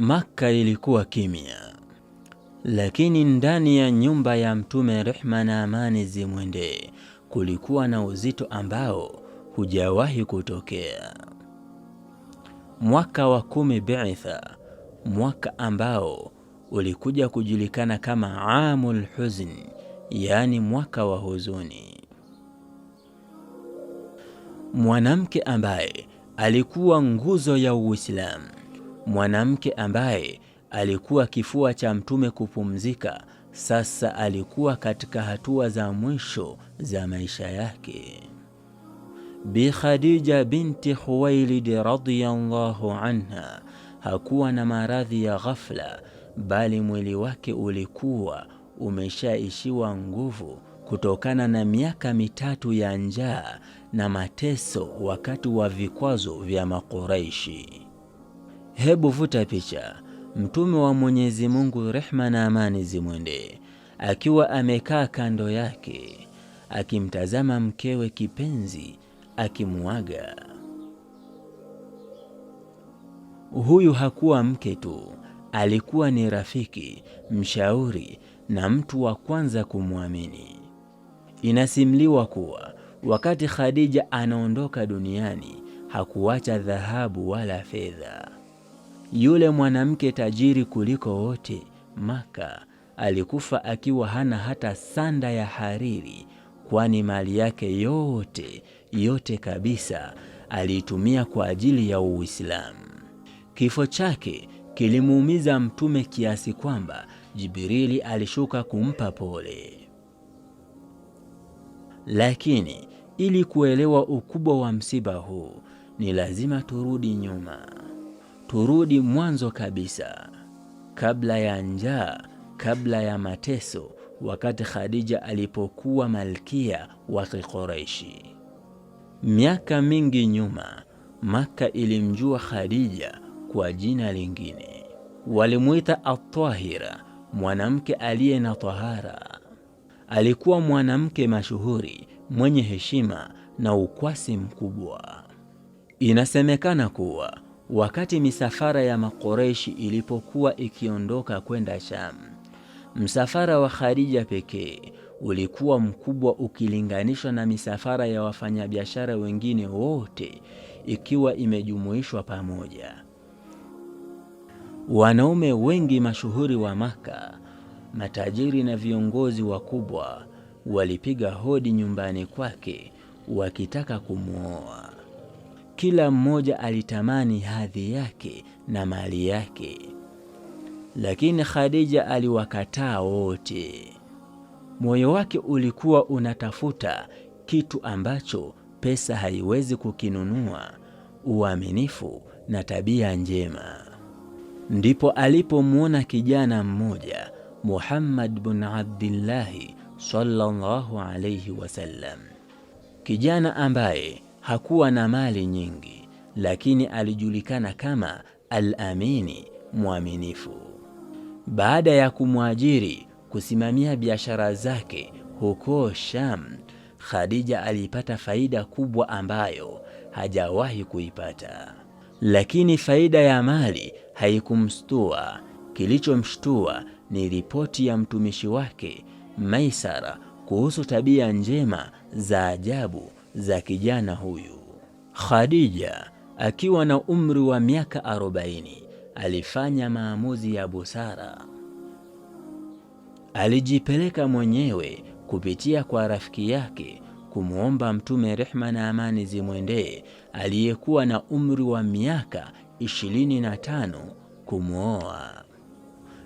Makka ilikuwa kimya, lakini ndani ya nyumba ya Mtume, rehma na amani zimwendee, kulikuwa na uzito ambao hujawahi kutokea. Mwaka wa kumi Biitha, mwaka ambao ulikuja kujulikana kama Amul Huzn, yaani mwaka wa huzuni. Mwanamke ambaye alikuwa nguzo ya Uislamu mwanamke ambaye alikuwa kifua cha mtume kupumzika, sasa alikuwa katika hatua za mwisho za maisha yake. Bi Khadija binti Khuwailid radhiyallahu anha hakuwa na maradhi ya ghafla, bali mwili wake ulikuwa umeshaishiwa nguvu kutokana na miaka mitatu ya njaa na mateso wakati wa vikwazo vya Makuraishi hebu vuta picha. Mtume wa Mwenyezi Mungu, rehma na amani zimwende, akiwa amekaa kando yake akimtazama mkewe kipenzi akimuaga. Huyu hakuwa mke tu, alikuwa ni rafiki, mshauri na mtu wa kwanza kumwamini. Inasimliwa kuwa wakati Khadija anaondoka duniani hakuacha dhahabu wala fedha. Yule mwanamke tajiri kuliko wote Maka alikufa akiwa hana hata sanda ya hariri, kwani mali yake yote yote kabisa aliitumia kwa ajili ya Uislamu. Kifo chake kilimuumiza Mtume kiasi kwamba Jibrili alishuka kumpa pole. Lakini ili kuelewa ukubwa wa msiba huu, ni lazima turudi nyuma turudi mwanzo kabisa, kabla ya njaa, kabla ya mateso, wakati Khadija alipokuwa malkia wa Kikoreshi. Miaka mingi nyuma, Makka ilimjua Khadija kwa jina lingine, walimuita Atahira, mwanamke aliye na tahara. Alikuwa mwanamke mashuhuri mwenye heshima na ukwasi mkubwa. Inasemekana kuwa Wakati misafara ya Makoreshi ilipokuwa ikiondoka kwenda Sham, msafara wa Khadija pekee ulikuwa mkubwa ukilinganishwa na misafara ya wafanyabiashara wengine wote ikiwa imejumuishwa pamoja. Wanaume wengi mashuhuri wa Maka, matajiri na viongozi wakubwa walipiga hodi nyumbani kwake wakitaka kumwoa. Kila mmoja alitamani hadhi yake na mali yake, lakini Khadija aliwakataa wote. Moyo wake ulikuwa unatafuta kitu ambacho pesa haiwezi kukinunua: uaminifu na tabia njema. Ndipo alipomwona kijana mmoja Muhammad bin Abdillahi sallallahu alayhi wasallam, kijana ambaye Hakuwa na mali nyingi, lakini alijulikana kama Al-Amini, mwaminifu. Baada ya kumwajiri kusimamia biashara zake huko Sham, Khadija alipata faida kubwa ambayo hajawahi kuipata. Lakini faida ya mali haikumstua. Kilichomshtua ni ripoti ya mtumishi wake Maisara kuhusu tabia njema za ajabu za kijana huyu. Khadija akiwa na umri wa miaka arobaini alifanya maamuzi ya busara. Alijipeleka mwenyewe kupitia kwa rafiki yake kumwomba Mtume rehma na amani zimwendee, aliyekuwa na umri wa miaka ishirini na tano kumwoa.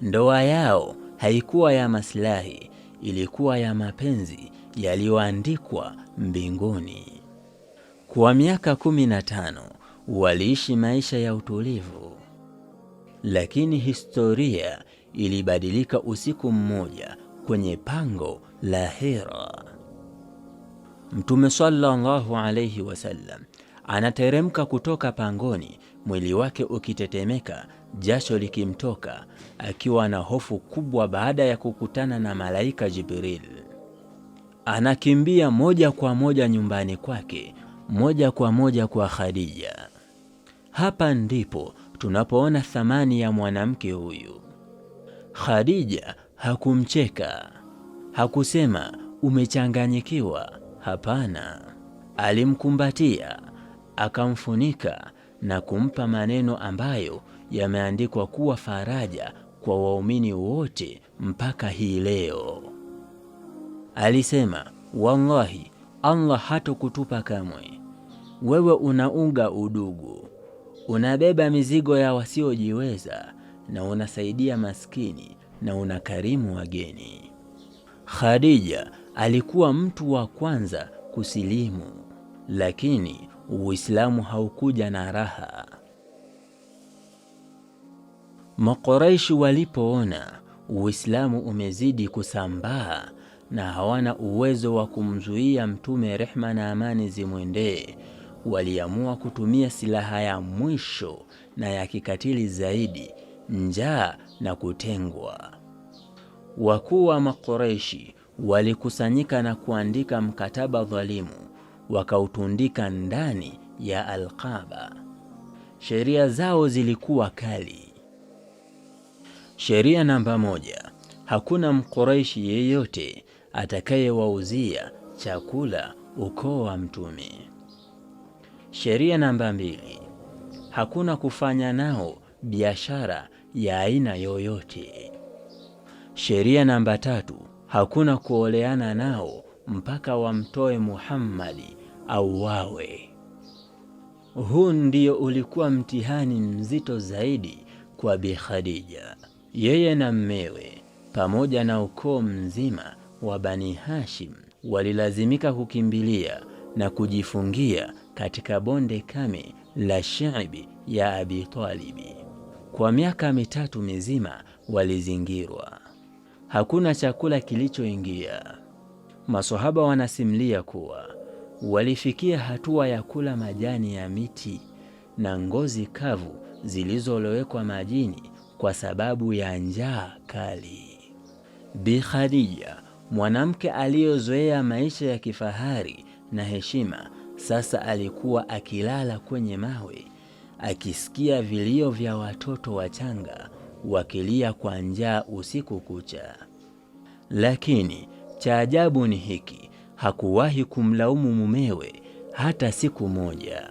Ndoa yao haikuwa ya maslahi, ilikuwa ya mapenzi yaliyoandikwa mbinguni. Kwa miaka kumi na tano waliishi maisha ya utulivu, lakini historia ilibadilika usiku mmoja kwenye pango la Hira. Mtume sallallahu alayhi wasallam anateremka kutoka pangoni, mwili wake ukitetemeka, jasho likimtoka, akiwa na hofu kubwa baada ya kukutana na malaika Jibril anakimbia moja kwa moja nyumbani kwake, moja kwa moja kwa Khadija. Hapa ndipo tunapoona thamani ya mwanamke huyu. Khadija hakumcheka, hakusema umechanganyikiwa. Hapana, alimkumbatia, akamfunika na kumpa maneno ambayo yameandikwa kuwa faraja kwa waumini wote mpaka hii leo. Alisema, wallahi Allah hatokutupa kamwe. Wewe unauga udugu, unabeba mizigo ya wasiojiweza na unasaidia maskini na unakarimu wageni. Khadija alikuwa mtu wa kwanza kusilimu, lakini Uislamu haukuja na raha. makoraishi walipoona Uislamu umezidi kusambaa na hawana uwezo wa kumzuia Mtume, rehma na amani zimwendee, waliamua kutumia silaha ya mwisho na ya kikatili zaidi, njaa na kutengwa. Wakuu wa Makoreshi walikusanyika na kuandika mkataba dhalimu, wakautundika ndani ya Alkaaba. Sheria zao zilikuwa kali. Sheria namba moja: hakuna Mkuraishi yeyote atakayewauzia chakula ukoo wa Mtume. Sheria namba mbili, hakuna kufanya nao biashara ya aina yoyote. Sheria namba tatu, hakuna kuoleana nao mpaka wamtoe Muhammadi au wawe. Huu ndio ulikuwa mtihani mzito zaidi kwa Bi Khadija, yeye na mmewe pamoja na ukoo mzima wa Bani Hashim walilazimika kukimbilia na kujifungia katika bonde kame la Shaibi ya Abi Talibi. Kwa miaka mitatu mizima walizingirwa, hakuna chakula kilichoingia. masahaba wanasimulia kuwa walifikia hatua ya kula majani ya miti na ngozi kavu zilizolowekwa majini kwa sababu ya njaa kali. Bi Khadija, mwanamke aliyozoea maisha ya kifahari na heshima, sasa alikuwa akilala kwenye mawe, akisikia vilio vya watoto wachanga wakilia kwa njaa usiku kucha. Lakini cha ajabu ni hiki, hakuwahi kumlaumu mumewe hata siku moja.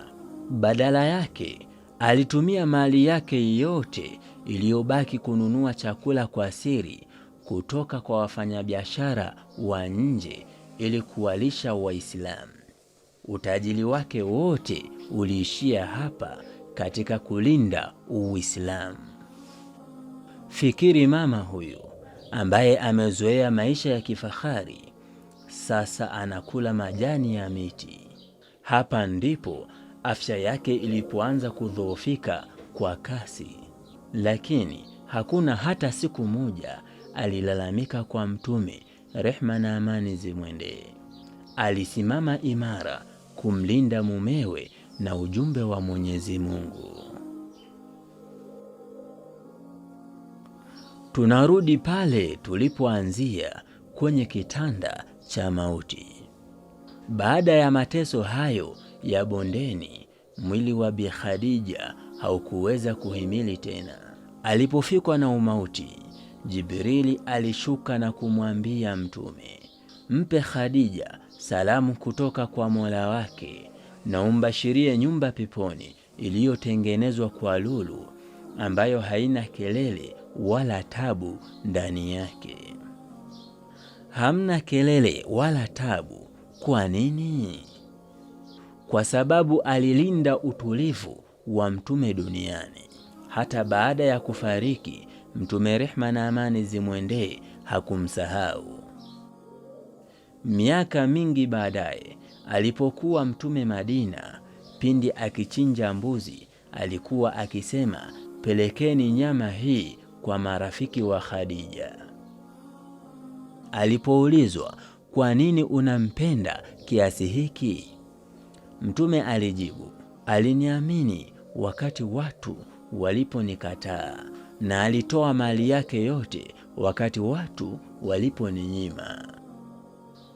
Badala yake alitumia mali yake yote iliyobaki kununua chakula kwa siri kutoka kwa wafanyabiashara wa nje ili kuwalisha Waislamu. Utajiri wake wote uliishia hapa katika kulinda Uislamu. Fikiri mama huyu ambaye amezoea maisha ya kifahari sasa anakula majani ya miti. Hapa ndipo afya yake ilipoanza kudhoofika kwa kasi, lakini hakuna hata siku moja alilalamika kwa Mtume, rehma na amani zimwendee. Alisimama imara kumlinda mumewe na ujumbe wa Mwenyezi Mungu. Tunarudi pale tulipoanzia kwenye kitanda cha mauti. Baada ya mateso hayo ya bondeni, mwili wa Bi Khadija haukuweza kuhimili tena. Alipofikwa na umauti, Jibrili alishuka na kumwambia Mtume, mpe Khadija salamu kutoka kwa Mola wake na umbashirie nyumba peponi iliyotengenezwa kwa lulu ambayo haina kelele wala tabu ndani yake. Hamna kelele wala tabu. Kwa nini? Kwa sababu alilinda utulivu wa mtume duniani hata baada ya kufariki. Mtume rehma na amani zimwendee hakumsahau. Miaka mingi baadaye, alipokuwa mtume Madina, pindi akichinja mbuzi alikuwa akisema, pelekeni nyama hii kwa marafiki wa Khadija. Alipoulizwa, kwa nini unampenda kiasi hiki? Mtume alijibu, aliniamini wakati watu waliponikataa na alitoa mali yake yote wakati watu waliponinyima.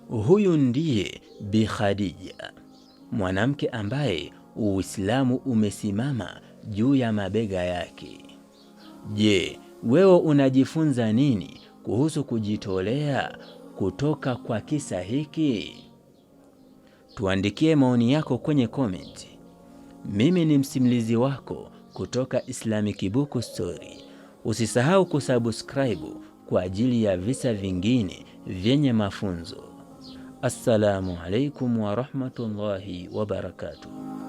Huyu ndiye Bi Khadija, mwanamke ambaye Uislamu umesimama juu ya mabega yake. Je, wewe unajifunza nini kuhusu kujitolea kutoka kwa kisa hiki? Tuandikie maoni yako kwenye komenti. Mimi ni msimulizi wako kutoka Islamic Book Story. Usisahau kusubscribe kwa ajili ya visa vingine vyenye mafunzo. Assalamu alaikum warahmatullahi wabarakatuh.